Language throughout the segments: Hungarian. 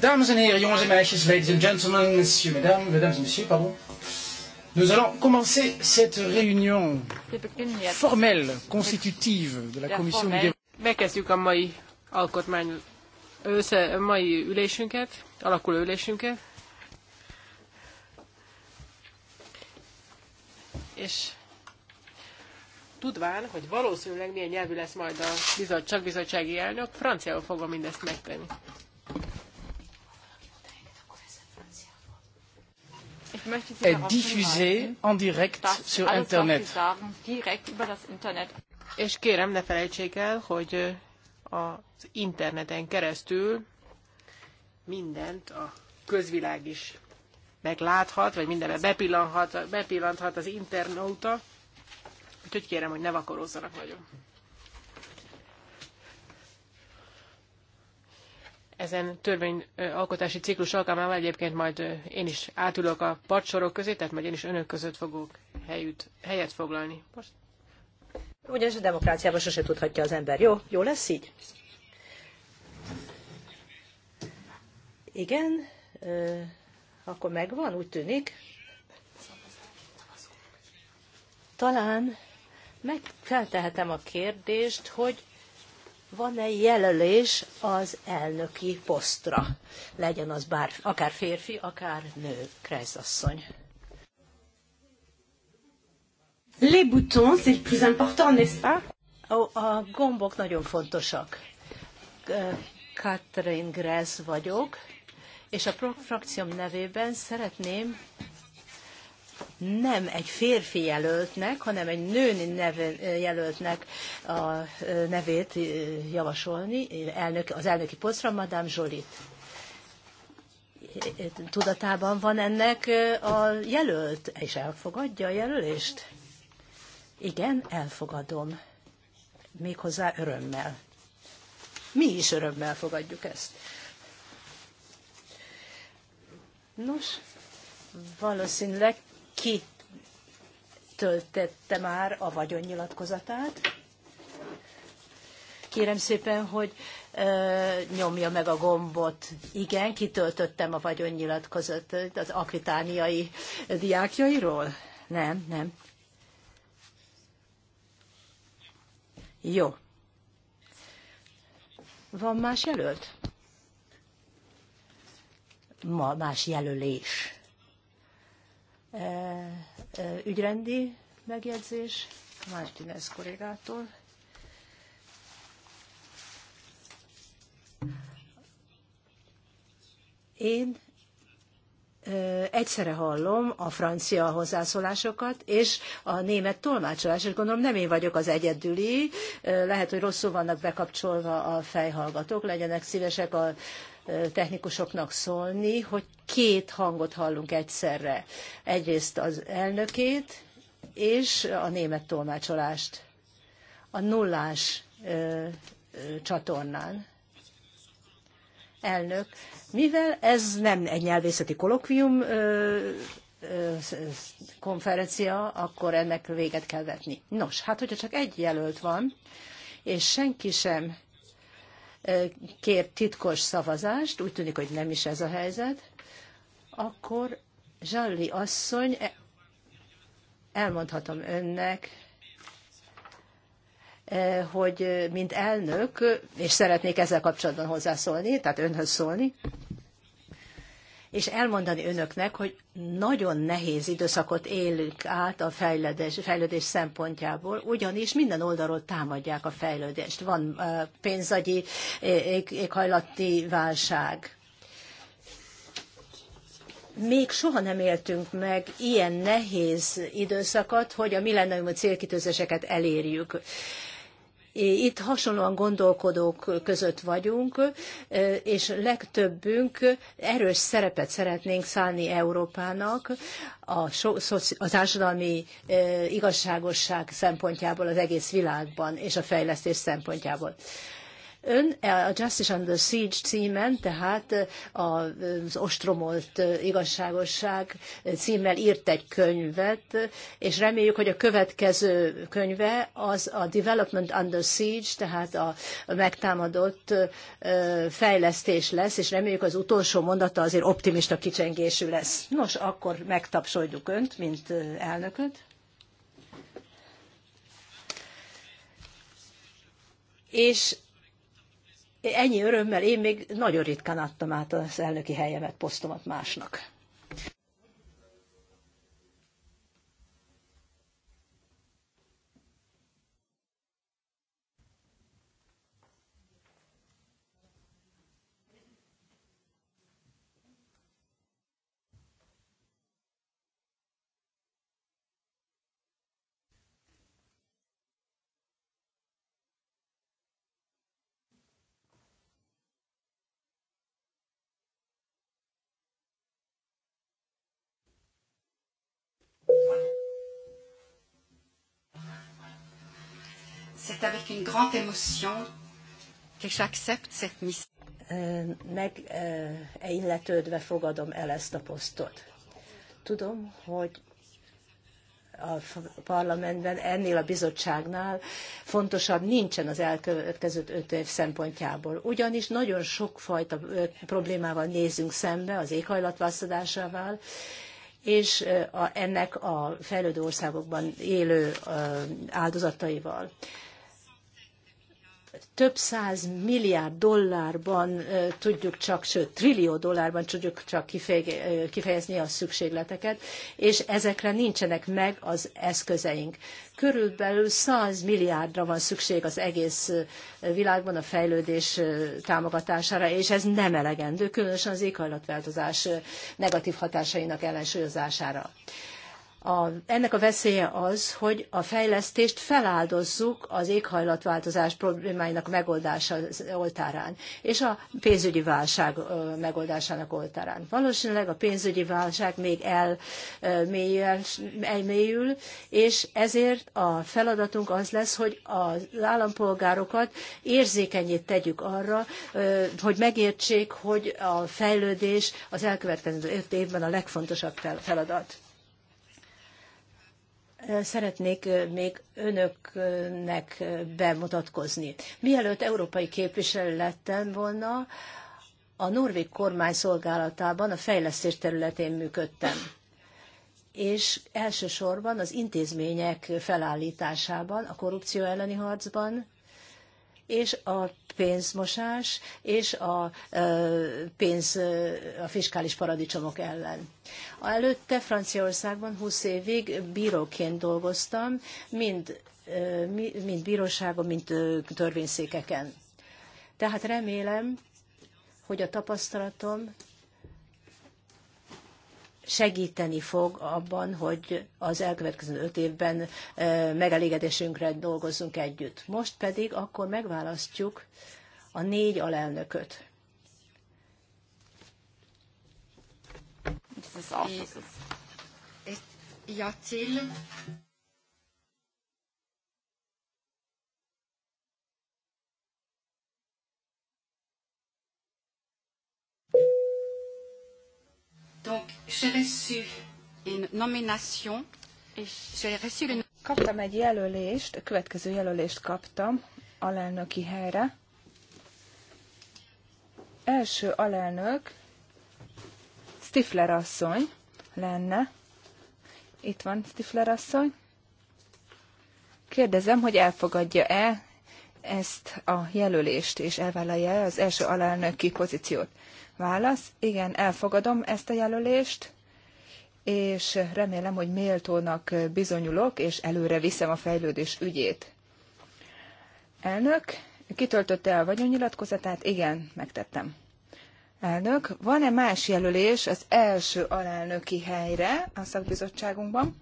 Dames en heren, jongens en meisjes, ladies and gentlemen, messieurs, mesdames, mesdames et messieurs, pardon. Nous allons commencer cette réunion formelle, constitutive de la Commission du Megkezdjük a mai alkotmány össze, a mai ülésünket, alakuló ülésünket. És tudván, hogy valószínűleg milyen nyelvű lesz majd a bizottság, bizottsági elnök, franciául fogom mindezt megtenni. est diffusé en direct sur Internet. És kérem, ne felejtsék el, hogy az interneten keresztül mindent a közvilág is megláthat, vagy mindenbe bepillanthat, bepillanthat az internauta. Úgyhogy kérem, hogy ne vakorozzanak nagyon. ezen törvényalkotási ciklus alkalmával egyébként majd én is átülök a partsorok közé, tehát majd én is önök között fogok helyüt, helyet foglalni. Most. Ugyanis a demokráciában sose tudhatja az ember. Jó, jó lesz így? Igen, ö, akkor megvan, úgy tűnik. Talán megfeltehetem a kérdést, hogy van-e jelölés az elnöki posztra? Legyen az bár, akár férfi, akár nő, Krejzasszony. Les boutons, c'est le plus important, n'est-ce pas? A gombok nagyon fontosak. Eh, Catherine Grez vagyok, és a frakcióm nevében szeretném nem egy férfi jelöltnek, hanem egy nőni neve, jelöltnek a nevét javasolni elnök, az elnöki posztra, Madame Jolit, Tudatában van ennek a jelölt, és elfogadja a jelölést? Igen, elfogadom. Méghozzá örömmel. Mi is örömmel fogadjuk ezt. Nos, valószínűleg ki töltette már a vagyonnyilatkozatát. Kérem szépen, hogy ö, nyomja meg a gombot. Igen, kitöltöttem a vagyonnyilatkozatot az akvitániai diákjairól. Nem, nem. Jó. Van más jelölt? Ma más jelölés ügyrendi megjegyzés Martinez kollégától. Én egyszerre hallom a francia hozzászólásokat, és a német tolmácsolás, és gondolom nem én vagyok az egyedüli, lehet, hogy rosszul vannak bekapcsolva a fejhallgatók, legyenek szívesek a technikusoknak szólni, hogy két hangot hallunk egyszerre. Egyrészt az elnökét és a német tolmácsolást. A nullás csatornán. Elnök, mivel ez nem egy nyelvészeti kolokvium konferencia, akkor ennek véget kell vetni. Nos, hát hogyha csak egy jelölt van, és senki sem kér titkos szavazást, úgy tűnik, hogy nem is ez a helyzet, akkor Zsalli asszony, e, elmondhatom önnek, hogy mint elnök, és szeretnék ezzel kapcsolatban hozzászólni, tehát önhöz szólni, és elmondani önöknek, hogy nagyon nehéz időszakot élünk át a fejlődés, fejlődés szempontjából, ugyanis minden oldalról támadják a fejlődést. Van pénzagyi, éghajlati válság. Még soha nem éltünk meg ilyen nehéz időszakot, hogy a millenniumi célkitűzéseket elérjük itt hasonlóan gondolkodók között vagyunk, és legtöbbünk erős szerepet szeretnénk szállni Európának a, a társadalmi igazságosság szempontjából az egész világban és a fejlesztés szempontjából. Ön eh, a Justice Under Siege címen, tehát eh, az ostromolt eh, igazságosság címmel írt egy könyvet, és reméljük, hogy a következő könyve az a Development Under Siege, tehát a megtámadott fejlesztés lesz, és reméljük az utolsó mondata azért optimista kicsengésű lesz. Nos, akkor megtapsoljuk önt, mint elnököt. És ennyi örömmel én még nagyon ritkán adtam át az elnöki helyemet, posztomat másnak. c'est avec une grande émotion que j'accepte cette mission. Megilletődve e fogadom el ezt a posztot. Tudom, hogy a parlamentben, ennél a bizottságnál fontosabb nincsen az elkövetkező öt év szempontjából. Ugyanis nagyon sokfajta problémával nézünk szembe, az éghajlatváltozásával, és a, ennek a fejlődő országokban élő áldozataival több száz milliárd dollárban tudjuk csak, sőt, trillió dollárban tudjuk csak kifejezni a szükségleteket, és ezekre nincsenek meg az eszközeink. Körülbelül 100 milliárdra van szükség az egész világban a fejlődés támogatására, és ez nem elegendő, különösen az éghajlatváltozás negatív hatásainak ellensúlyozására a, ennek a veszélye az, hogy a fejlesztést feláldozzuk az éghajlatváltozás problémáinak megoldása oltárán, és a pénzügyi válság megoldásának oltárán. Valószínűleg a pénzügyi válság még elmélyül, és ezért a feladatunk az lesz, hogy az állampolgárokat érzékenyét tegyük arra, hogy megértsék, hogy a fejlődés az elkövetkező öt évben a legfontosabb feladat. Szeretnék még önöknek bemutatkozni. Mielőtt európai képviselő lettem volna, a norvég kormány szolgálatában a fejlesztés területén működtem. És elsősorban az intézmények felállításában, a korrupció elleni harcban, és a pénzmosás és a pénz, a fiskális paradicsomok ellen. Előtte Franciaországban 20 évig bíróként dolgoztam, mind, mind bíróságon, mind törvényszékeken. Tehát remélem, hogy a tapasztalatom segíteni fog abban, hogy az elkövetkező öt évben megelégedésünkre dolgozzunk együtt. Most pedig akkor megválasztjuk a négy alelnököt. Ja, Kaptam egy jelölést, a következő jelölést kaptam alelnöki helyre. Első alelnök Stifler asszony lenne. Itt van Stifler asszony. Kérdezem, hogy elfogadja-e ezt a jelölést, és elvállalja -e az első alelnöki pozíciót. Válasz, igen, elfogadom ezt a jelölést, és remélem, hogy méltónak bizonyulok, és előre viszem a fejlődés ügyét. Elnök, kitöltötte a vagyonnyilatkozatát? Igen, megtettem. Elnök, van-e más jelölés az első alelnöki helyre a szakbizottságunkban?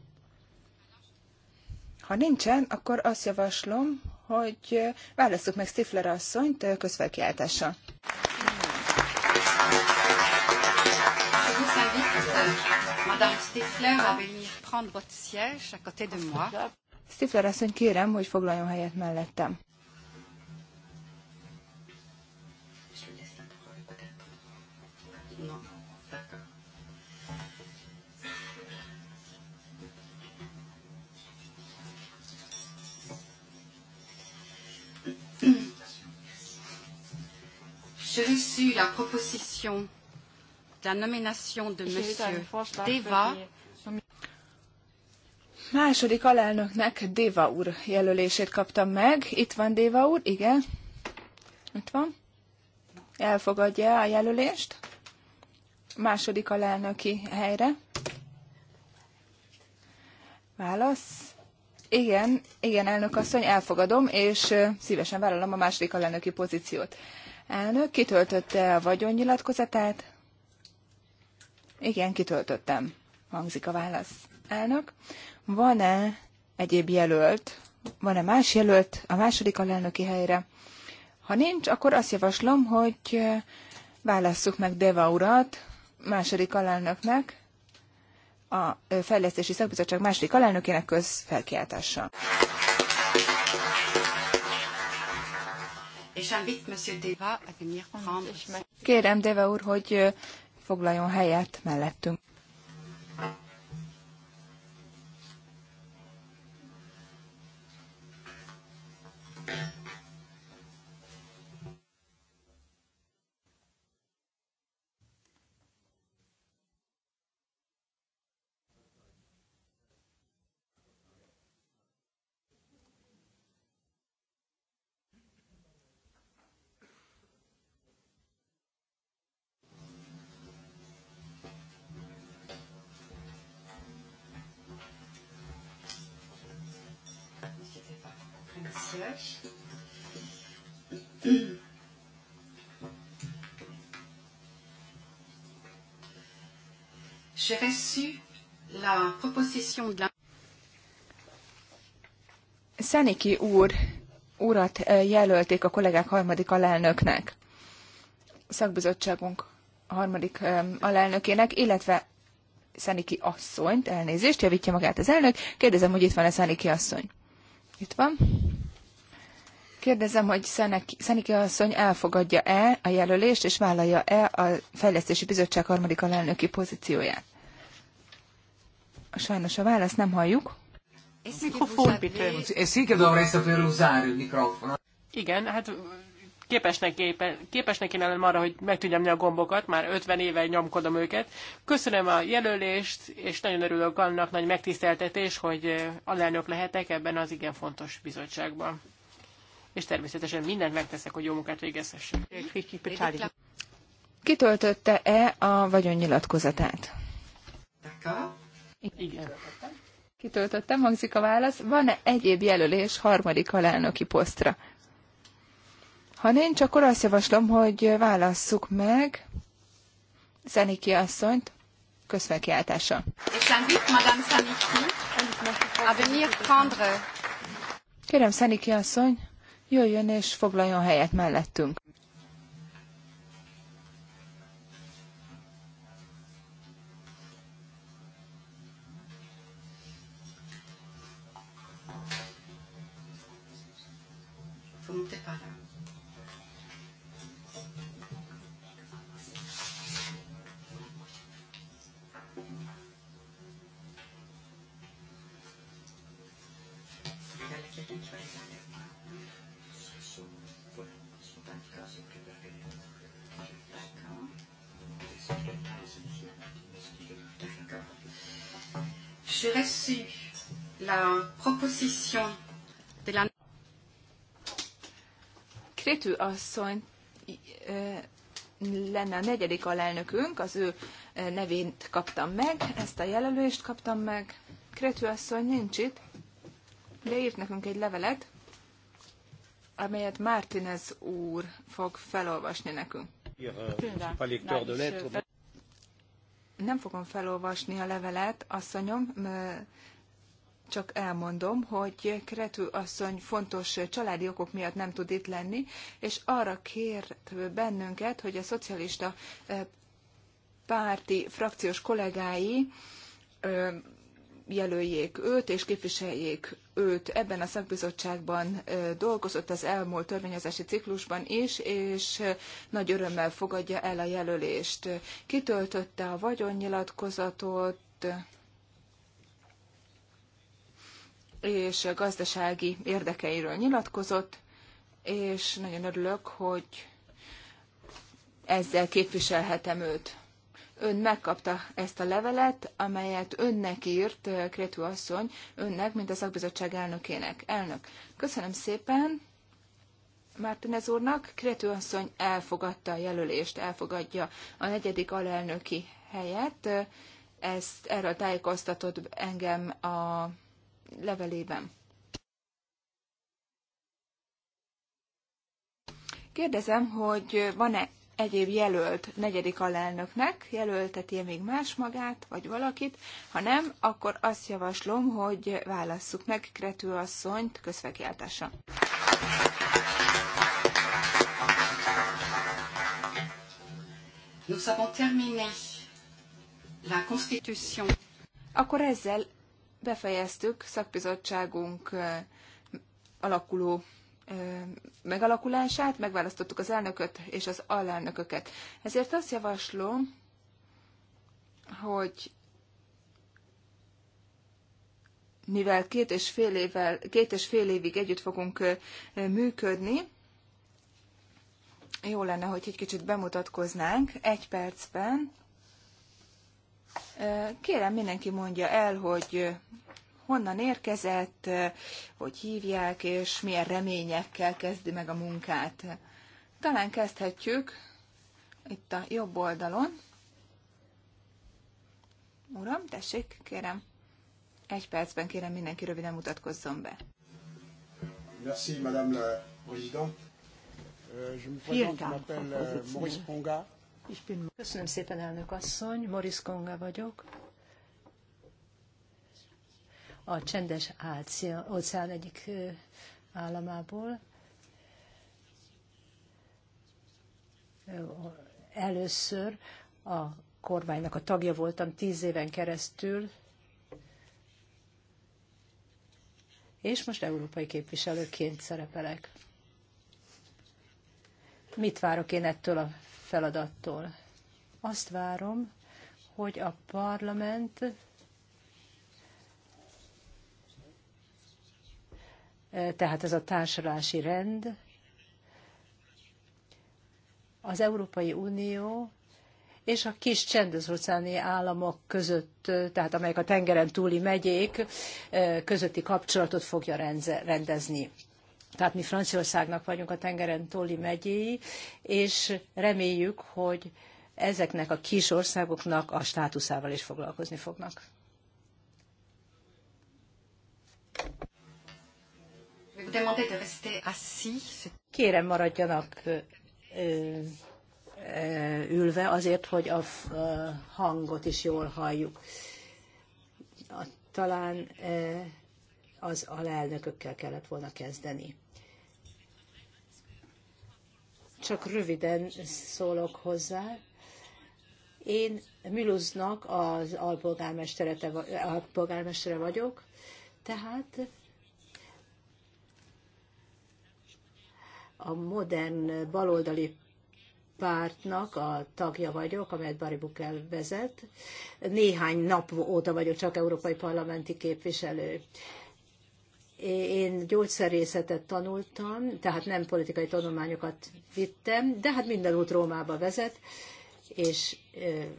Ha nincsen, akkor azt javaslom, hogy válasszuk meg Stifler asszonyt közfelkiáltással. Madame Stifler à venir prendre votre siège à côté de moi. Stifler asszony, kérem, hogy foglaljon helyet mellettem. Je reçus la proposition la nomination de Deva. Második alelnöknek Deva úr jelölését kaptam meg. Itt van Deva úr, igen. Itt van. Elfogadja a jelölést. Második alelnöki helyre. Válasz. Igen, igen, elnök asszony, elfogadom, és szívesen vállalom a második alelnöki pozíciót. Elnök kitöltötte a vagyonnyilatkozatát. Igen, kitöltöttem, hangzik a válasz. Elnök, van-e egyéb jelölt, van-e más jelölt a második alelnöki helyre? Ha nincs, akkor azt javaslom, hogy válasszuk meg Deva urat második alelnöknek, a Fejlesztési Szakbizottság második alelnökének közfelkiáltása. Kérem Deva úr, hogy foglaljon helyet mellettünk. J'ai reçu la proposition de la... Szeniki úr, urat eh, jelölték a kollégák harmadik alelnöknek, szakbizottságunk harmadik alelnökének, illetve Szeniki asszonyt, elnézést, javítja magát az elnök. Kérdezem, hogy itt van-e Szeniki asszony. Itt van. Kérdezem, hogy Szeniki asszony elfogadja-e a jelölést, és vállalja-e a Fejlesztési Bizottság harmadik alelnöki pozícióját. Sajnos a választ nem halljuk. Mikrofon, Igen, hát képesnek, képe, képesnek én ellen arra, hogy meg tudjam nyomni a gombokat, már 50 éve nyomkodom őket. Köszönöm a jelölést, és nagyon örülök annak nagy megtiszteltetés, hogy alelnök lehetek ebben az igen fontos bizottságban. És természetesen mindent megteszek, hogy jó munkát végezhessek. Kitöltötte-e a vagyonnyilatkozatát? D'accord. Igen. Kitöltöttem, hangzik a válasz. Van-e egyéb jelölés harmadik alelnöki posztra? Ha nincs, akkor azt javaslom, hogy válasszuk meg Zeniki asszonyt közfelkiáltása. Kérem Szeniki asszony, jöjjön és foglaljon helyet mellettünk. J'ai reçu la proposition de la Krétő asszony lenne a negyedik alelnökünk, az ő nevét kaptam meg, ezt a jelölést kaptam meg. Krétő asszony nincs itt, leírt nekünk egy levelet, amelyet Martinez úr fog felolvasni nekünk. Nem fogom felolvasni a levelet, asszonyom, csak elmondom, hogy Kretű asszony fontos családi okok miatt nem tud itt lenni, és arra kért bennünket, hogy a szocialista eh, párti frakciós kollégái jelöljék őt, és képviseljék őt. Ebben a szakbizottságban dolgozott az elmúlt törvényezési ciklusban is, és nagy örömmel fogadja el a jelölést. Kitöltötte a vagyonnyilatkozatot, és gazdasági érdekeiről nyilatkozott, és nagyon örülök, hogy ezzel képviselhetem őt. Ön megkapta ezt a levelet, amelyet önnek írt Krétu asszony, önnek, mint a szakbizottság elnökének. Elnök, köszönöm szépen Mártinez úrnak. Krétu asszony elfogadta a jelölést, elfogadja a negyedik alelnöki helyet. Ezt erről tájékoztatott engem a levelében. Kérdezem, hogy van-e egyéb jelölt negyedik alelnöknek, jelölteti -e még más magát, vagy valakit, ha nem, akkor azt javaslom, hogy válasszuk meg Kretű asszonyt közfelkiáltásra. Nous avons terminé la constitution. Akkor ezzel befejeztük szakbizottságunk alakuló megalakulását, megválasztottuk az elnököt és az alelnököket. Ezért azt javaslom, hogy mivel két és fél, évvel, két és fél évig együtt fogunk működni, jó lenne, hogy egy kicsit bemutatkoznánk egy percben. Kérem, mindenki mondja el, hogy honnan érkezett, hogy hívják, és milyen reményekkel kezdi meg a munkát. Talán kezdhetjük itt a jobb oldalon. Uram, tessék, kérem. Egy percben kérem mindenki röviden mutatkozzon be. Merci, Madame la Présidente. Euh, je me présente, je m'appelle euh, Maurice Köszönöm szépen, elnök asszony. Maurice Konga vagyok a csendes Ázia, óceán egyik államából. Először a kormánynak a tagja voltam tíz éven keresztül, és most európai képviselőként szerepelek. Mit várok én ettől a feladattól? Azt várom, hogy a parlament tehát ez a társulási rend. Az Európai Unió és a kis csendes-óceáni államok között, tehát amelyek a tengeren túli megyék közötti kapcsolatot fogja rendezni. Tehát mi Franciaországnak vagyunk a tengeren túli megyéi, és reméljük, hogy ezeknek a kis országoknak a státuszával is foglalkozni fognak. Kérem maradjanak ülve azért, hogy a hangot is jól halljuk. Talán az alelnökökkel kellett volna kezdeni. Csak röviden szólok hozzá. Én Miluznak az alpolgármestere, alpolgármestere vagyok, tehát a modern baloldali pártnak a tagja vagyok, amelyet Bari Bukel vezet. Néhány nap óta vagyok csak európai parlamenti képviselő. Én gyógyszerészetet tanultam, tehát nem politikai tanulmányokat vittem, de hát minden út Rómába vezet, és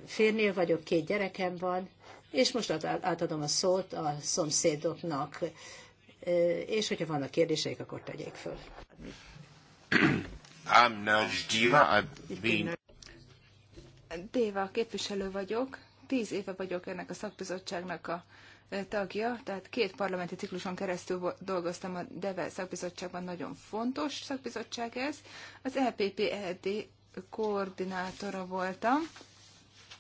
férnél vagyok, két gyerekem van, és most átadom a szót a szomszédoknak, és hogyha vannak kérdéseik, akkor tegyék föl. I'm Nagy Diva, I've been... Déva képviselő vagyok, tíz éve vagyok ennek a szakbizottságnak a e, tagja, tehát két parlamenti cikluson keresztül dolgoztam a DEVE szakbizottságban, nagyon fontos szakbizottság ez. Az EPP-ED koordinátora voltam,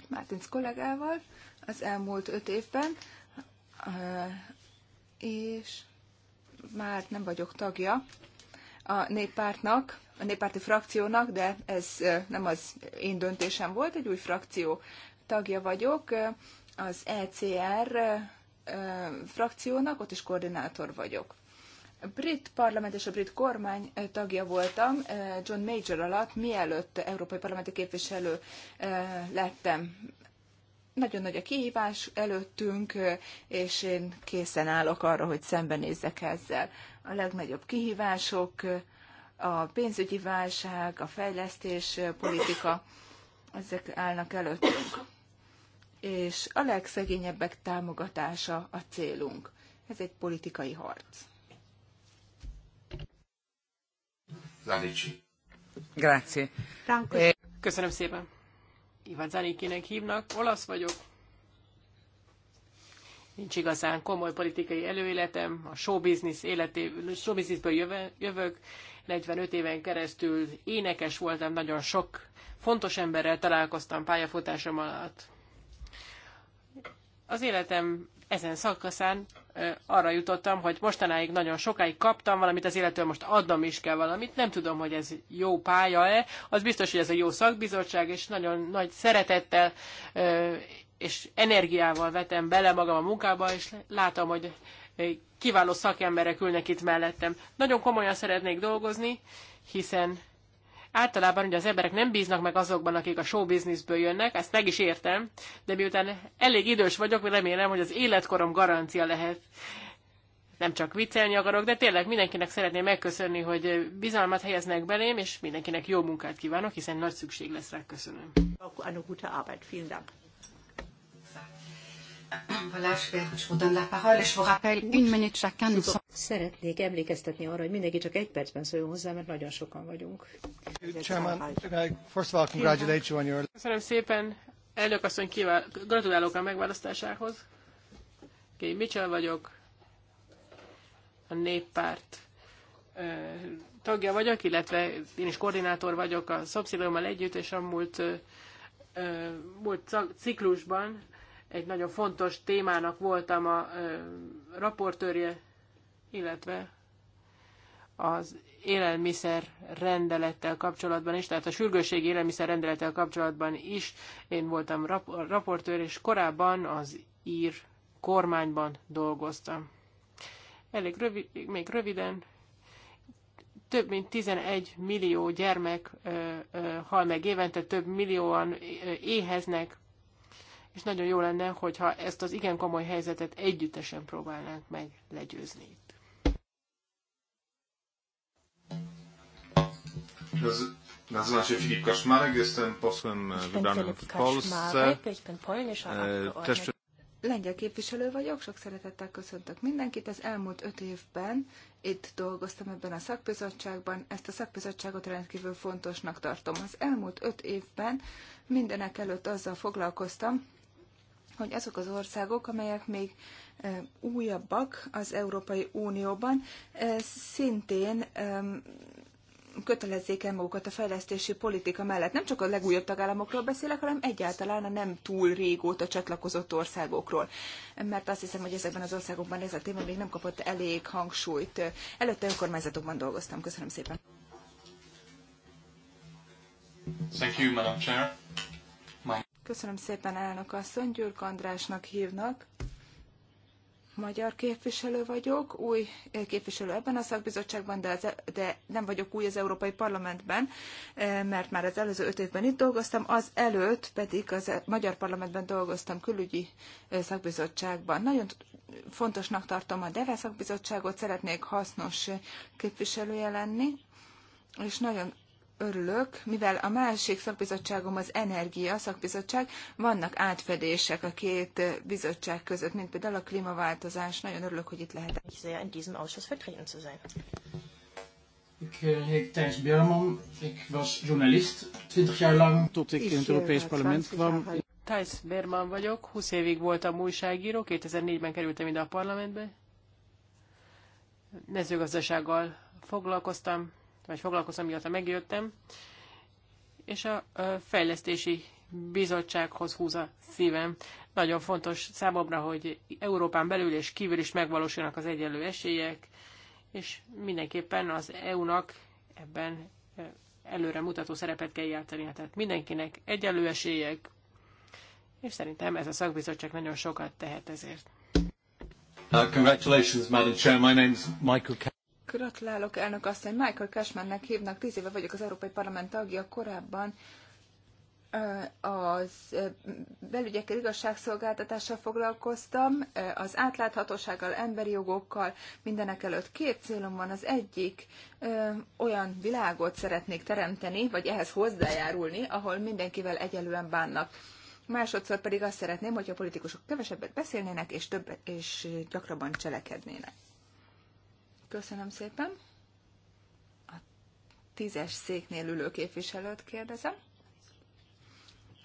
Mártinc kollégával az elmúlt öt évben, e, és már nem vagyok tagja a néppártnak, a néppárti frakciónak, de ez nem az én döntésem volt, egy új frakció tagja vagyok, az ECR frakciónak, ott is koordinátor vagyok. A brit parlament és a brit kormány tagja voltam John Major alatt, mielőtt európai parlamenti képviselő lettem. Nagyon nagy a kihívás előttünk, és én készen állok arra, hogy szembenézzek ezzel. A legnagyobb kihívások a pénzügyi válság, a fejlesztés politika, ezek állnak előttünk. És a legszegényebbek támogatása a célunk. Ez egy politikai harc. Zanici. Grazie. Eh, Köszönöm szépen. Ivan Zanikinek hívnak, olasz vagyok. Nincs igazán komoly politikai előéletem, a showbiznisz életé, showbizniszből jövök, 45 éven keresztül énekes voltam, nagyon sok fontos emberrel találkoztam pályafutásom alatt. Az életem ezen szakaszán arra jutottam, hogy mostanáig nagyon sokáig kaptam valamit az életől, most adnom is kell valamit. Nem tudom, hogy ez jó pálya-e. Az biztos, hogy ez a jó szakbizottság, és nagyon nagy szeretettel és energiával vetem bele magam a munkába, és látom, hogy kiváló szakemberek ülnek itt mellettem. Nagyon komolyan szeretnék dolgozni, hiszen általában ugye az emberek nem bíznak meg azokban, akik a showbizniszből jönnek, ezt meg is értem, de miután elég idős vagyok, remélem, hogy az életkorom garancia lehet. Nem csak viccelni akarok, de tényleg mindenkinek szeretném megköszönni, hogy bizalmat helyeznek belém, és mindenkinek jó munkát kívánok, hiszen nagy szükség lesz rá. Köszönöm. Szeretnék emlékeztetni arra, hogy mindenki csak egy percben szóljon hozzá, mert nagyon sokan vagyunk. Chairman, first of all, congratulate you on your... Köszönöm szépen, elnök asszony, kivál... gratulálok a megválasztásához. Kény Mitchell vagyok, a néppárt tagja vagyok, illetve én is koordinátor vagyok a szobszidómmal együtt, és a múlt, múlt ciklusban egy nagyon fontos témának voltam a raportőrje, illetve az élelmiszer rendelettel kapcsolatban is, tehát a sürgősség élelmiszer rendelettel kapcsolatban is én voltam rap- raportőr, és korábban az ír kormányban dolgoztam. Elég rövid, még röviden, több mint 11 millió gyermek ö, ö, hal meg évente, több millióan éheznek, és nagyon jó lenne, hogyha ezt az igen komoly helyzetet együttesen próbálnánk meg legyőzni itt. Nazywam się Filip Kaszmarek, jestem posłem wybranym w Polsce. E, Lengyel képviselő vagyok, sok szeretettel köszöntök mindenkit. Az elmúlt öt évben itt dolgoztam ebben a szakbizottságban, ezt a szakbizottságot rendkívül fontosnak tartom. Az elmúlt öt évben mindenek előtt azzal foglalkoztam, hogy azok az országok, amelyek még újabbak az Európai Unióban, szintén kötelezzék el magukat a fejlesztési politika mellett. Nem csak a legújabb tagállamokról beszélek, hanem egyáltalán a nem túl régóta csatlakozott országokról. Mert azt hiszem, hogy ezekben az országokban ez a téma még nem kapott elég hangsúlyt. Előtte önkormányzatokban dolgoztam. Köszönöm szépen. Thank you, Madam Chair. Köszönöm szépen, elnök asszony. Gyurk Andrásnak hívnak. Magyar képviselő vagyok, új képviselő ebben a szakbizottságban, de, az, e- de nem vagyok új az Európai Parlamentben, e, mert már az előző öt évben itt dolgoztam, az előtt pedig az Magyar Parlamentben dolgoztam külügyi e, szakbizottságban. Nagyon fontosnak tartom a DEVE szakbizottságot, szeretnék hasznos képviselője lenni, és nagyon örülök, mivel a másik szakbizottságom az energia szakbizottság, vannak átfedések a két bizottság között, mint például a klímaváltozás. Nagyon örülök, hogy itt lehetek. Ich sehr in diesem Ausschuss vertreten zu sein. Ik eh, heet Thijs Berman, ik was journalist 20 jaar lang tot ik in het Europees Parlement kwam. Thijs Berman vagyok, 20 évig voltam újságíró, 2004-ben kerültem ide a parlamentbe. Mezőgazdasággal foglalkoztam, vagy foglalkozom, mióta megjöttem, és a fejlesztési bizottsághoz húz a szívem. Nagyon fontos számomra, hogy Európán belül és kívül is megvalósulnak az egyenlő esélyek, és mindenképpen az EU-nak ebben előre mutató szerepet kell játszani. Tehát mindenkinek egyenlő esélyek, és szerintem ez a szakbizottság nagyon sokat tehet ezért. Uh, congratulations, Madam Chair. My name is Michael Gratulálok, elnök asszony. Michael Cashmannek hívnak, tíz éve vagyok az Európai Parlament tagja, korábban az belügyekkel, igazságszolgáltatással foglalkoztam, az átláthatósággal, emberi jogokkal, mindenek előtt két célom van. Az egyik olyan világot szeretnék teremteni, vagy ehhez hozzájárulni, ahol mindenkivel egyelően bánnak. Másodszor pedig azt szeretném, hogyha a politikusok kevesebbet beszélnének, és, többet és gyakrabban cselekednének. Köszönöm szépen. A tízes széknél ülő képviselőt kérdezem.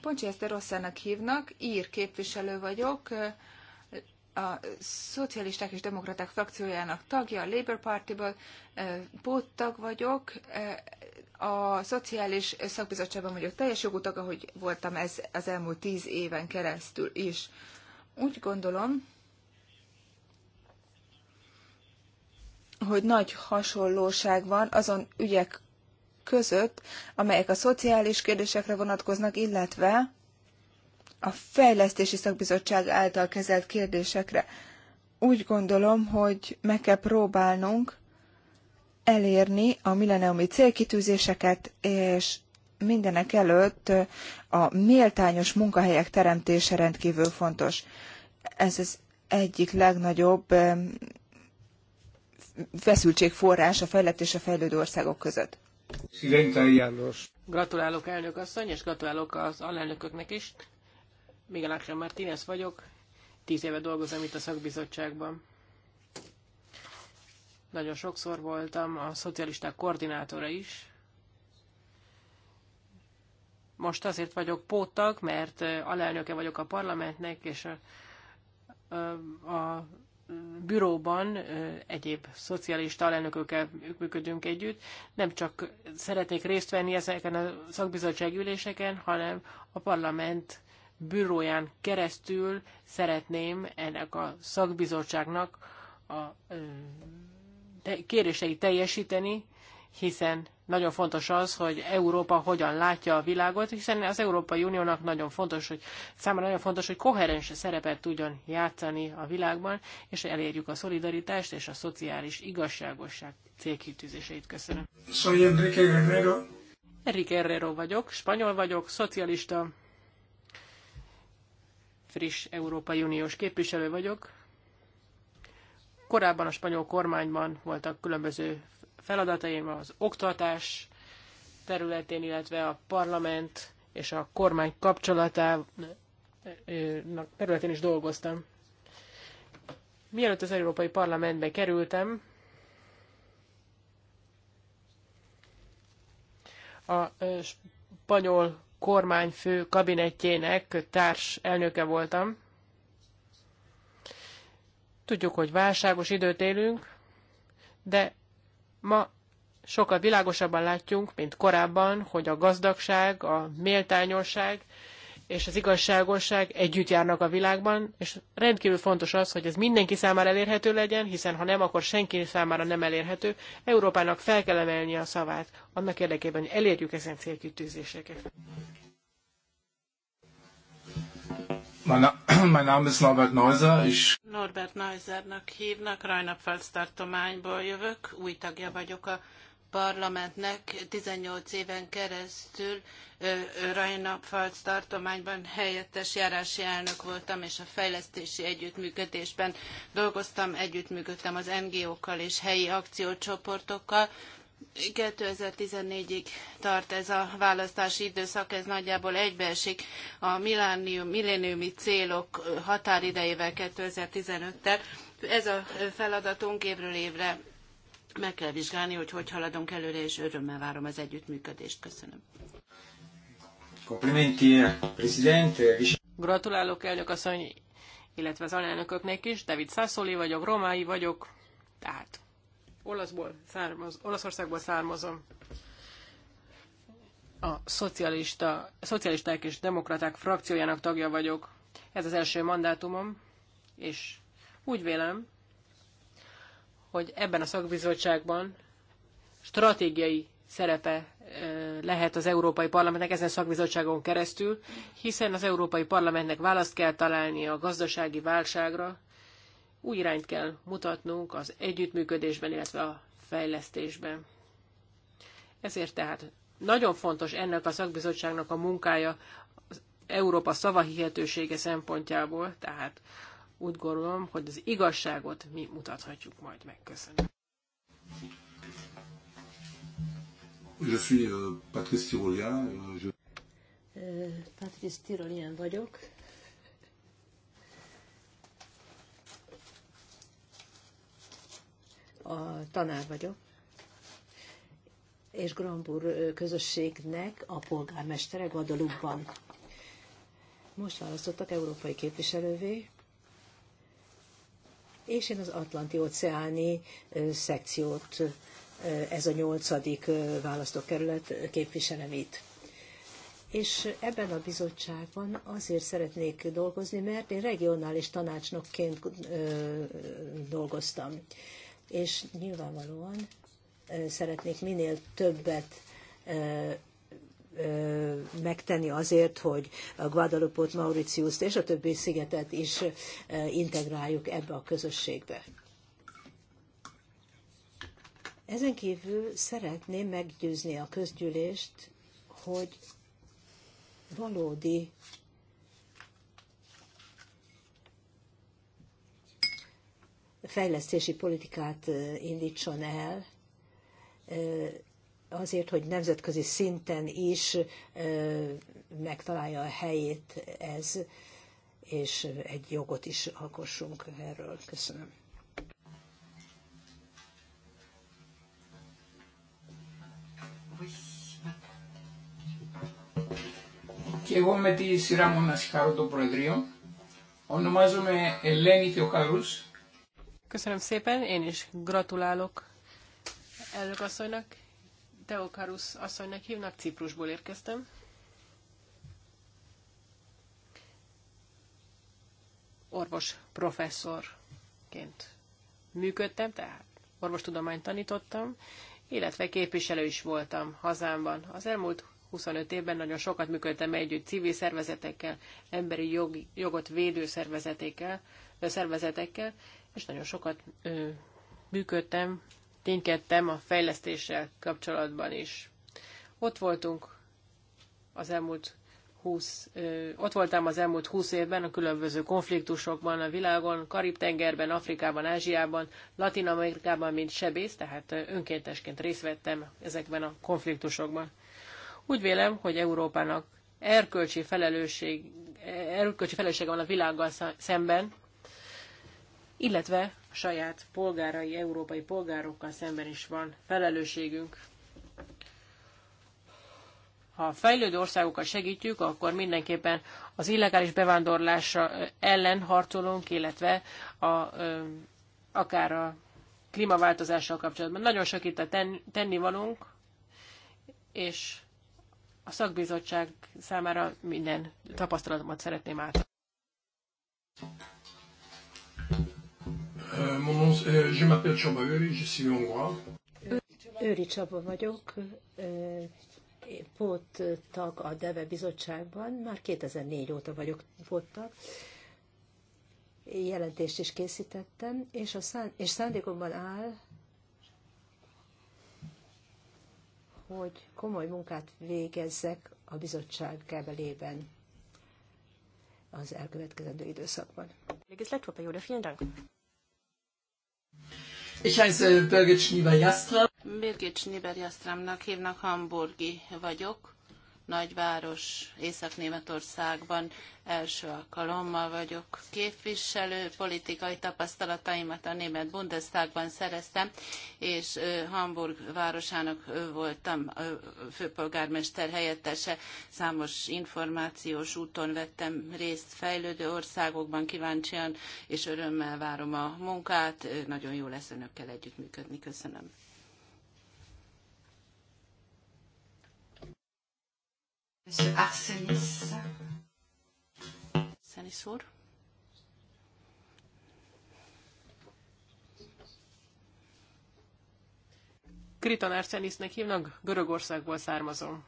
Poncseszter Rosszának hívnak, ír képviselő vagyok, a Szocialisták és Demokraták frakciójának tagja, a Labour Party-ból póttag vagyok, a Szociális Szakbizottságban vagyok teljes jogú tag, ahogy voltam ez az elmúlt tíz éven keresztül is. Úgy gondolom, hogy nagy hasonlóság van azon ügyek között, amelyek a szociális kérdésekre vonatkoznak, illetve a Fejlesztési Szakbizottság által kezelt kérdésekre. Úgy gondolom, hogy meg kell próbálnunk elérni a milleniumi célkitűzéseket, és mindenek előtt a méltányos munkahelyek teremtése rendkívül fontos. Ez az egyik legnagyobb forrás a fejlett és a fejlődő országok között. Gratulálok elnök asszony, és gratulálok az alelnököknek is. Miguel Ángel Martínez vagyok, tíz éve dolgozom itt a szakbizottságban. Nagyon sokszor voltam a szocialisták koordinátora is. Most azért vagyok póttag, mert alelnöke vagyok a parlamentnek, és a, a, a büróban egyéb szocialista alelnökökkel működünk együtt, nem csak szeretnék részt venni ezeken a szakbizottsági üléseken, hanem a parlament büróján keresztül szeretném ennek a szakbizottságnak a kéréseit teljesíteni, hiszen nagyon fontos az, hogy Európa hogyan látja a világot, hiszen az Európai Uniónak nagyon fontos, hogy számára nagyon fontos, hogy koherens szerepet tudjon játszani a világban, és elérjük a szolidaritást és a szociális igazságosság célkitűzéseit. Köszönöm. Soy szóval Enrique Guerrero. Enrique Guerrero vagyok, spanyol vagyok, szocialista, friss Európai Uniós képviselő vagyok. Korábban a spanyol kormányban voltak különböző feladataim az oktatás területén, illetve a parlament és a kormány kapcsolatának területén is dolgoztam. Mielőtt az Európai Parlamentbe kerültem, a spanyol kormányfő kabinetjének társ elnöke voltam. Tudjuk, hogy válságos időt élünk, de Ma sokkal világosabban látjunk, mint korábban, hogy a gazdagság, a méltányosság és az igazságosság együtt járnak a világban, és rendkívül fontos az, hogy ez mindenki számára elérhető legyen, hiszen ha nem, akkor senki számára nem elérhető. Európának fel kell emelni a szavát annak érdekében, hogy elérjük ezen célkitűzéseket. Mein, Name is Norbert Neuser. Ich... Norbert Neusernak hívnak, Rajnapfalc tartományból jövök, új tagja vagyok a parlamentnek 18 éven keresztül Rajnapfalc tartományban helyettes járási elnök voltam, és a fejlesztési együttműködésben dolgoztam, együttműködtem az NGO-kkal és helyi akciócsoportokkal, 2014-ig tart ez a választási időszak, ez nagyjából egybeesik a milléniumi célok határidejével 2015-tel. Ez a feladatunk évről évre meg kell vizsgálni, hogy hogy haladunk előre, és örömmel várom az együttműködést. Köszönöm. Komplimenti, eh, presidente. Gratulálok elnök asszony, illetve az alelnököknek is. David Sassoli vagyok, romái vagyok, tehát olaszból származ, Olaszországból származom. A szocialista, szocialisták és demokraták frakciójának tagja vagyok. Ez az első mandátumom, és úgy vélem, hogy ebben a szakbizottságban stratégiai szerepe lehet az Európai Parlamentnek ezen szakbizottságon keresztül, hiszen az Európai Parlamentnek választ kell találni a gazdasági válságra, új irányt kell mutatnunk az együttműködésben, illetve a fejlesztésben. Ezért tehát nagyon fontos ennek a szakbizottságnak a munkája az Európa szavahihetősége szempontjából, tehát úgy gondolom, hogy az igazságot mi mutathatjuk majd meg. Köszönöm. Je suis euh, Patrice Tirolien. Euh, je... Euh, Patrice Tirolien vagyok. a tanár vagyok, és Grambur közösségnek a polgármestere Guadalupe-ban. Most választottak európai képviselővé, és én az Atlanti-óceáni szekciót, ez a nyolcadik választókerület képviselem itt. És ebben a bizottságban azért szeretnék dolgozni, mert én regionális tanácsnokként dolgoztam és nyilvánvalóan szeretnék minél többet megtenni azért, hogy a Guadalupe-ot, és a többi szigetet is integráljuk ebbe a közösségbe. Ezen kívül szeretném meggyőzni a közgyűlést, hogy valódi fejlesztési politikát indítson el, azért, hogy nemzetközi szinten is megtalálja a helyét ez, és egy jogot is alkossunk erről. Köszönöm. Και εγώ με τη σειρά μου να συγχαρώ το Προεδρείο. Ονομάζομαι Ελένη Θεοχαρούς Köszönöm szépen, én is gratulálok elnök asszonynak. Teokarusz asszonynak hívnak, Ciprusból érkeztem. Orvos professzorként működtem, tehát orvostudományt tanítottam, illetve képviselő is voltam hazámban. Az elmúlt 25 évben nagyon sokat működtem együtt civil szervezetekkel, emberi jogi, jogot védő szervezetekkel, szervezetekkel, és nagyon sokat ö, működtem, ténykedtem a fejlesztéssel kapcsolatban is. Ott voltunk az elmúlt 20, ö, ott voltam az elmúlt 20 évben a különböző konfliktusokban a világon, Karib-tengerben, Afrikában, Ázsiában, Latin-Amerikában, mint sebész, tehát önkéntesként részt vettem ezekben a konfliktusokban. Úgy vélem, hogy Európának erkölcsi felelősség, erkölcsi felelősség van a világgal szemben, illetve a saját polgárai, európai polgárokkal szemben is van felelősségünk. Ha a fejlődő országokat segítjük, akkor mindenképpen az illegális bevándorlásra ellen harcolunk, illetve a, akár a klímaváltozással kapcsolatban. Nagyon sok itt a ten, tennivalónk, és a szakbizottság számára minden tapasztalatomat szeretném átadni. Euh, mon nom, euh, je m'appelle Csaba Őri, je suis hongrois. Őri Csaba vagyok, euh, póttag a DEVE bizottságban, már 2004 óta vagyok póttag. Jelentést is készítettem, és, a szán, és szándékomban áll, hogy komoly munkát végezzek a bizottság kebelében az elkövetkezendő időszakban. Legislatúra, jó, de Ich heiße Birgit Schnieber-Jastram. Birgit Schnieber-Jastramnak hívnak, hamburgi vagyok nagyváros Észak-Németországban első alkalommal vagyok képviselő, politikai tapasztalataimat a német Bundestagban szereztem, és Hamburg városának voltam főpolgármester helyettese. Számos információs úton vettem részt fejlődő országokban, kíváncsian és örömmel várom a munkát. Nagyon jó lesz önökkel együttműködni. Köszönöm. Monsieur Arsenis. Arsenis úr. Kriton Arsenisnek hívnak, Görögországból származom.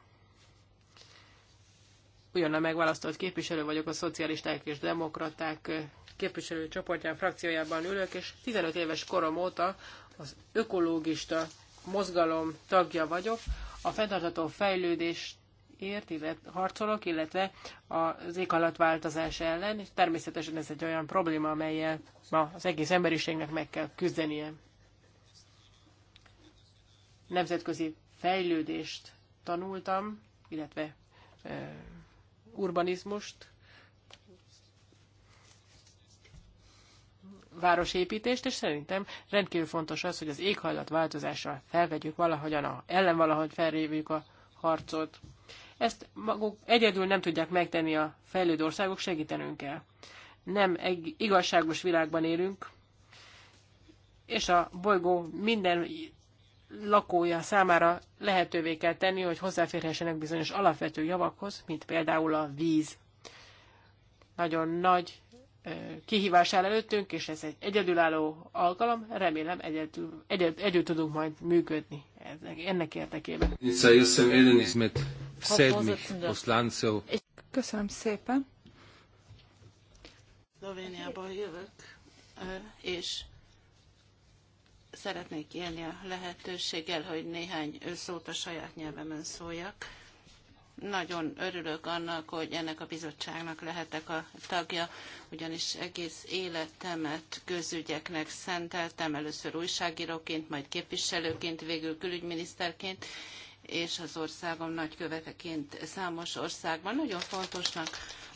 Ugyanna megválasztott képviselő vagyok a szocialisták és demokraták képviselő csoportján, frakciójában ülök, és 15 éves korom óta az ökológista mozgalom tagja vagyok. A fenntartható fejlődést ért, illetve harcolok, illetve az változás ellen, és természetesen ez egy olyan probléma, amelyel ma az egész emberiségnek meg kell küzdenie. Nemzetközi fejlődést tanultam, illetve uh, urbanizmust, városépítést, és szerintem rendkívül fontos az, hogy az éghajlatváltozásra felvegyük valahogyan, a, ellen valahogy felrévjük a harcot. Ezt maguk egyedül nem tudják megtenni a fejlődő országok, segítenünk kell. Nem egy igazságos világban élünk, és a bolygó minden lakója számára lehetővé kell tenni, hogy hozzáférhessenek bizonyos alapvető javakhoz, mint például a víz. Nagyon nagy kihívás áll előttünk, és ez egy egyedülálló alkalom, remélem egyedül, egyedül, egyedül tudunk majd működni ennek érdekében. Köszönöm szépen. Szlovéniából jövök, és szeretnék élni a lehetőséggel, hogy néhány szót a saját nyelvemen szóljak nagyon örülök annak, hogy ennek a bizottságnak lehetek a tagja, ugyanis egész életemet közügyeknek szenteltem, először újságíróként, majd képviselőként, végül külügyminiszterként, és az országom nagyköveteként számos országban. Nagyon fontosnak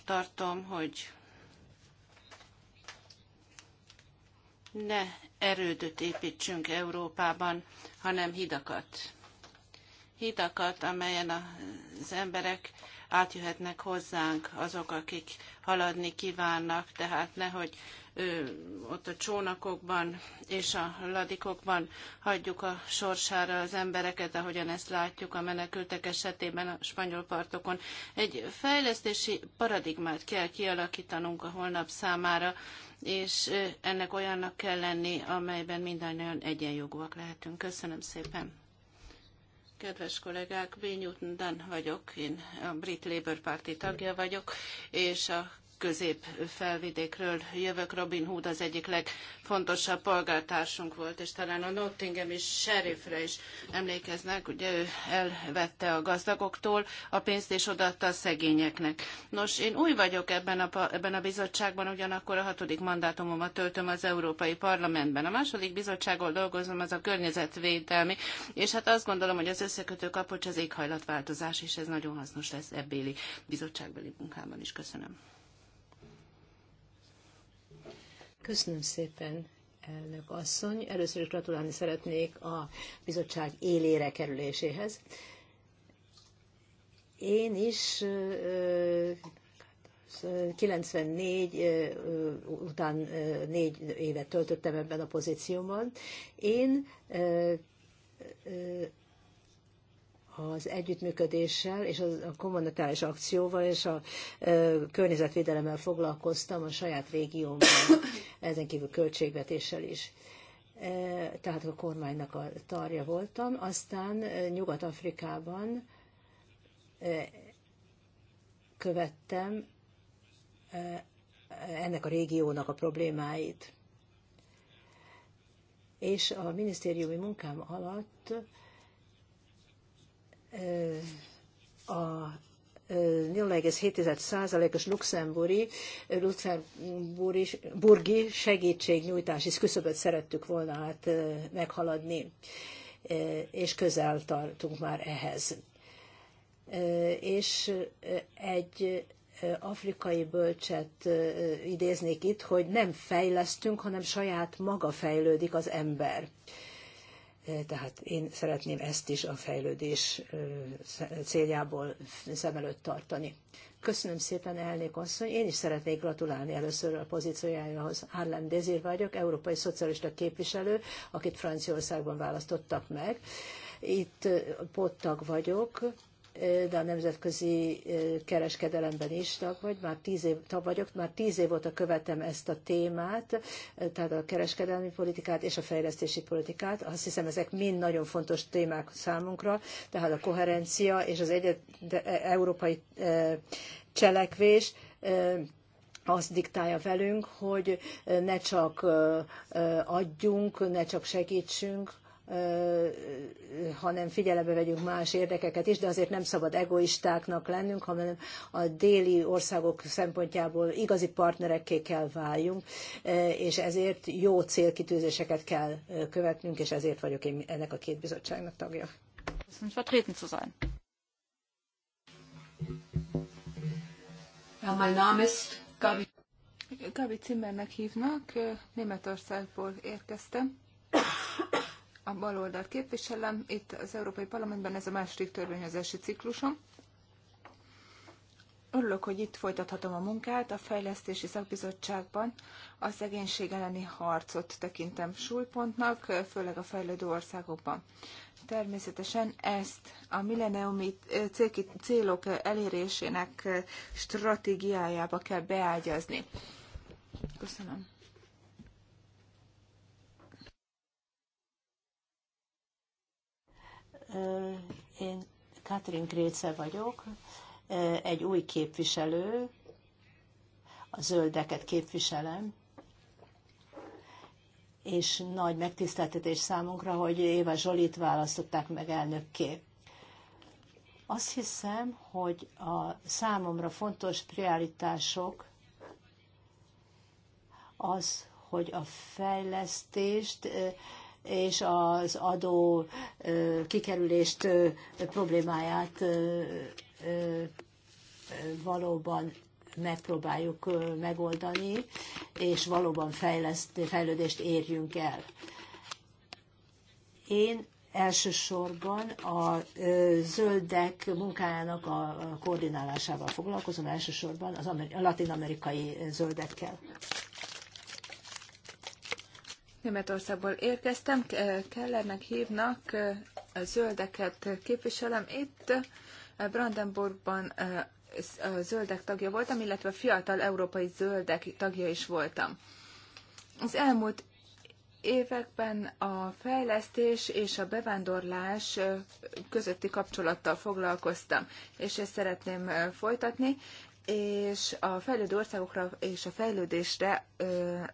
tartom, hogy ne erődöt építsünk Európában, hanem hidakat hítakat, amelyen az emberek átjöhetnek hozzánk azok, akik haladni kívánnak, tehát nehogy ö, ott a csónakokban és a ladikokban hagyjuk a sorsára az embereket, ahogyan ezt látjuk a menekültek esetében a spanyol partokon. Egy fejlesztési paradigmát kell kialakítanunk a holnap számára, és ennek olyannak kell lenni, amelyben mindannyian egyenjogúak lehetünk. Köszönöm szépen! Kedves kollégák, Bényúton Dan vagyok, én a Brit Labour Party tagja vagyok, és a közép-felvidékről jövök. Robin Hood az egyik legfontosabb polgártársunk volt, és talán a Nottingham is sheriffre is emlékeznek. Ugye ő elvette a gazdagoktól a pénzt, és odaadta a szegényeknek. Nos, én új vagyok ebben a, ebben a bizottságban, ugyanakkor a hatodik mandátumomat töltöm az Európai Parlamentben. A második bizottságon dolgozom, az a környezetvédelmi, és hát azt gondolom, hogy az összekötő kapocs az éghajlatváltozás, és ez nagyon hasznos lesz ebbéli bizottságbeli munkában is. Köszönöm. Köszönöm szépen, elnök asszony. Először is gratulálni szeretnék a bizottság élére kerüléséhez. Én is 94 után négy évet töltöttem ebben a pozícióban. Én az együttműködéssel és a kommunitális akcióval és a környezetvédelemmel foglalkoztam a saját régiómban ezen kívül költségvetéssel is. E, tehát a kormánynak a tarja voltam. Aztán e, Nyugat-Afrikában e, követtem ennek a régiónak a problémáit. És a minisztériumi munkám alatt a 0,7%-os luxemburgi, luxemburgi is küszöböt szerettük volna hát meghaladni, és közel tartunk már ehhez. És egy afrikai bölcset idéznék itt, hogy nem fejlesztünk, hanem saját maga fejlődik az ember. Tehát én szeretném ezt is a fejlődés céljából szem előtt tartani. Köszönöm szépen, elnék asszony. Én is szeretnék gratulálni először a pozíciójához. Harlem Dezir vagyok, európai szocialista képviselő, akit Franciaországban választottak meg. Itt pottag vagyok, de a nemzetközi kereskedelemben is tag vagy, már tíz év, tag vagyok, már tíz év óta követem ezt a témát, tehát a kereskedelmi politikát és a fejlesztési politikát. Azt hiszem, ezek mind nagyon fontos témák számunkra, tehát a koherencia és az egyet, de, e, európai cselekvés azt diktálja velünk, hogy ne csak adjunk, ne csak segítsünk, hanem figyelembe vegyünk más érdekeket is, de azért nem szabad egoistáknak lennünk, hanem a déli országok szempontjából igazi partnerekké kell váljunk, és ezért jó célkitűzéseket kell követnünk, és ezért vagyok én ennek a két bizottságnak tagja. Ja, mein Name ist Gabi. Gabi Zimmernek hívnak, Németországból érkeztem a baloldalt képviselem. Itt az Európai Parlamentben ez a második törvényezési ciklusom. Örülök, hogy itt folytathatom a munkát. A Fejlesztési Szakbizottságban a szegénység elleni harcot tekintem súlypontnak, főleg a fejlődő országokban. Természetesen ezt a milleniumi célok elérésének stratégiájába kell beágyazni. Köszönöm. Én Katrin Kréce vagyok, egy új képviselő, a zöldeket képviselem, és nagy megtiszteltetés számunkra, hogy Éva Zsolit választották meg elnökké. Azt hiszem, hogy a számomra fontos prioritások az, hogy a fejlesztést és az adó kikerülést problémáját valóban megpróbáljuk megoldani, és valóban fejleszt, fejlődést érjünk el. Én elsősorban a zöldek munkájának a koordinálásával foglalkozom, elsősorban az latin-amerikai zöldekkel. Németországból érkeztem, Kellernek hívnak, a zöldeket képviselem. Itt Brandenburgban a zöldek tagja voltam, illetve fiatal európai zöldek tagja is voltam. Az elmúlt években a fejlesztés és a bevándorlás közötti kapcsolattal foglalkoztam, és ezt szeretném folytatni és a fejlődő országokra és a fejlődésre,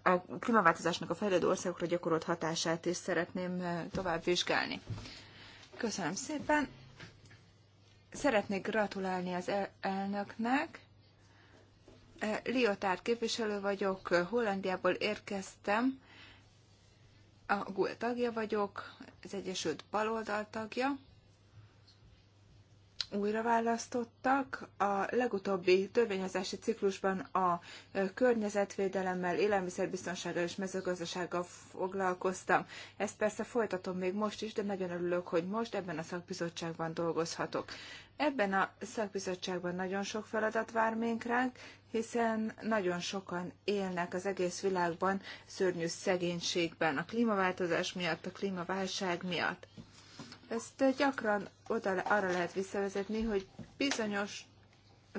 a klímaváltozásnak a fejlődő országokra gyakorolt hatását is szeretném tovább vizsgálni. Köszönöm szépen. Szeretnék gratulálni az elnöknek. Liotár képviselő vagyok, Hollandiából érkeztem, a GUL e tagja vagyok, az Egyesült Baloldal tagja újra választottak. A legutóbbi törvényhozási ciklusban a környezetvédelemmel, élelmiszerbiztonsággal és mezőgazdasággal foglalkoztam. Ezt persze folytatom még most is, de nagyon örülök, hogy most ebben a szakbizottságban dolgozhatok. Ebben a szakbizottságban nagyon sok feladat vár még ránk, hiszen nagyon sokan élnek az egész világban szörnyű szegénységben, a klímaváltozás miatt, a klímaválság miatt. Ezt gyakran oda, arra lehet visszavezetni, hogy bizonyos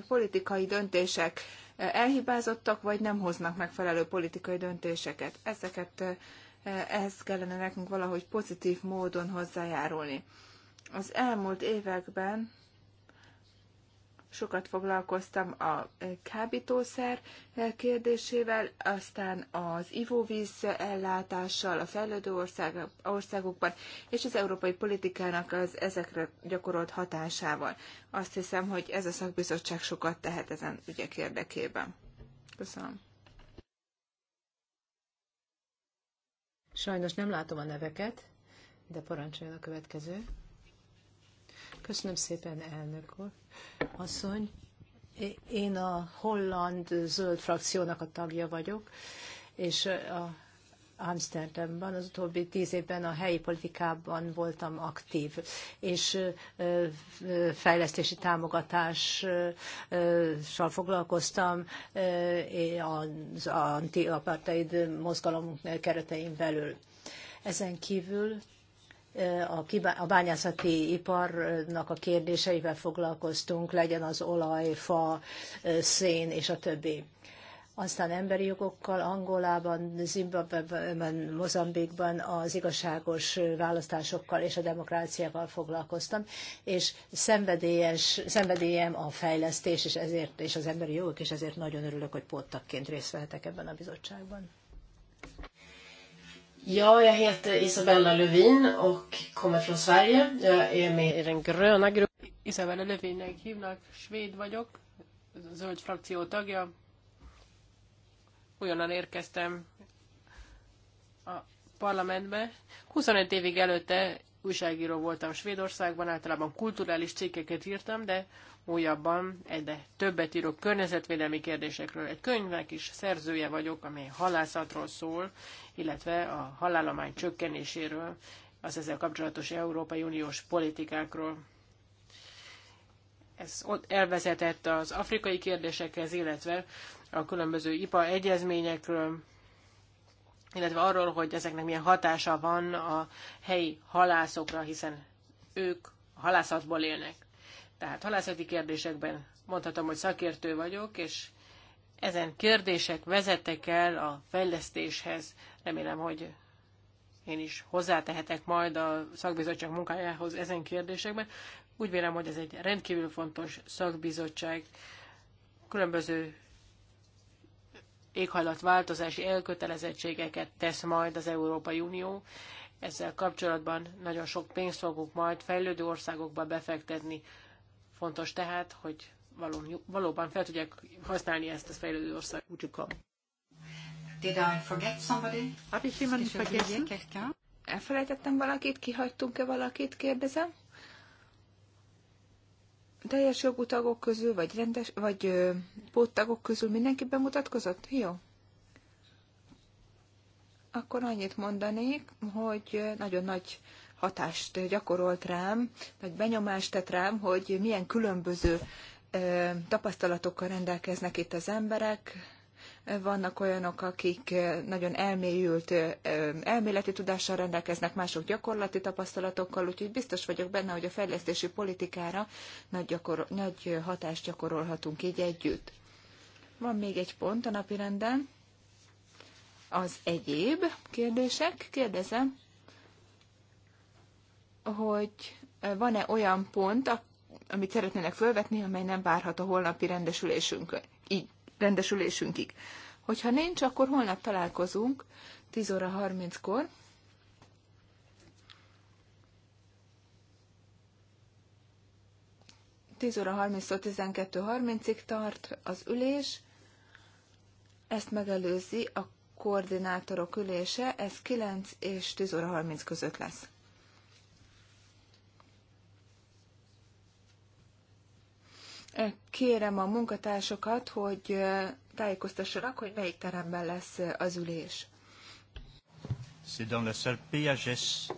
politikai döntések elhibázottak, vagy nem hoznak megfelelő politikai döntéseket. Ezeket eh, ehhez kellene nekünk valahogy pozitív módon hozzájárulni. Az elmúlt években sokat foglalkoztam a kábítószer kérdésével, aztán az ivóvíz ellátással a fejlődő országokban, és az európai politikának az ezekre gyakorolt hatásával. Azt hiszem, hogy ez a szakbizottság sokat tehet ezen ügyek érdekében. Köszönöm. Sajnos nem látom a neveket, de parancsoljon a következő. Köszönöm szépen, elnök úr. Asszony, én a holland zöld frakciónak a tagja vagyok, és a Amsterdamban az utóbbi tíz évben a helyi politikában voltam aktív, és fejlesztési támogatással foglalkoztam az anti-apartheid mozgalom keretein belül. Ezen kívül Eh, a bányászati iparnak a kérdéseivel foglalkoztunk, legyen az olaj, fa, eh, szén és a többi. Aztán emberi jogokkal Angolában, Zimbabweben, Mozambikban az igazságos választásokkal és a demokráciával foglalkoztam, és szenvedélyes, szenvedélyem a fejlesztés és, ezért, és az emberi jogok, és ezért nagyon örülök, hogy póttakként részt vehetek ebben a bizottságban. Ja, jag heter Isabella Lövin och kommer från Sverige. Jag är med i den gröna gruppen. Isabella Lövin, jag är hívnak, svéd vagyok, zöld frakció jag. Újonnan érkeztem a parlamentbe. 25 évig előtte újságíró voltam Svédországban, általában kulturális cikkeket írtam, de újabban egyre többet írok környezetvédelmi kérdésekről. Egy könyvnek is szerzője vagyok, amely halászatról szól, illetve a halálomány csökkenéséről, az ezzel kapcsolatos Európai Uniós politikákról. Ez ott elvezetett az afrikai kérdésekhez, illetve a különböző IPA egyezményekről, illetve arról, hogy ezeknek milyen hatása van a helyi halászokra, hiszen ők halászatból élnek. Tehát halászati kérdésekben mondhatom, hogy szakértő vagyok, és ezen kérdések vezettek el a fejlesztéshez. Remélem, hogy én is hozzátehetek majd a szakbizottság munkájához ezen kérdésekben. Úgy vélem, hogy ez egy rendkívül fontos szakbizottság. Különböző éghajlatváltozási elkötelezettségeket tesz majd az Európai Unió. Ezzel kapcsolatban nagyon sok pénzt fogunk majd fejlődő országokba befektetni. Fontos tehát, hogy valóban fel tudják használni ezt a fejlődő ország. Did I forget somebody? Elfelejtettem valakit, kihagytunk-e valakit, kérdezem teljes jogú tagok közül, vagy rendes, vagy ö, póttagok közül mindenki bemutatkozott? Jó. Akkor annyit mondanék, hogy nagyon nagy hatást gyakorolt rám, nagy benyomást tett rám, hogy milyen különböző tapasztalatokkal rendelkeznek itt az emberek, vannak olyanok, akik eh, nagyon elmélyült eh, eh, elméleti tudással rendelkeznek, mások gyakorlati tapasztalatokkal, úgyhogy biztos vagyok benne, hogy a fejlesztési politikára nagy, gyakor- nagy hatást gyakorolhatunk így együtt. Van még egy pont a napirenden. Az egyéb kérdések. Kérdezem, hogy van-e olyan pont, amit szeretnének felvetni, amely nem várhat a holnapi rendesülésünkön rendesülésünkig. Hogyha nincs, akkor holnap találkozunk 10 óra 30-kor. Tíz óra 30-tól 12.30-ig tart az ülés, ezt megelőzi a koordinátorok ülése, ez 9 és 10 óra 30 között lesz. Kérem a munkatársokat, hogy tájékoztassanak, hogy melyik teremben lesz az ülés. C'est dans la salle PHS.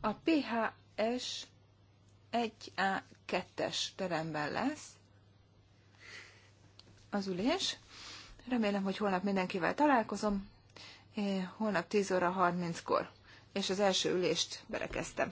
A PHS 1A2-es teremben lesz az ülés. Remélem, hogy holnap mindenkivel találkozom. Holnap 10 óra 30-kor, és az első ülést berekeztem.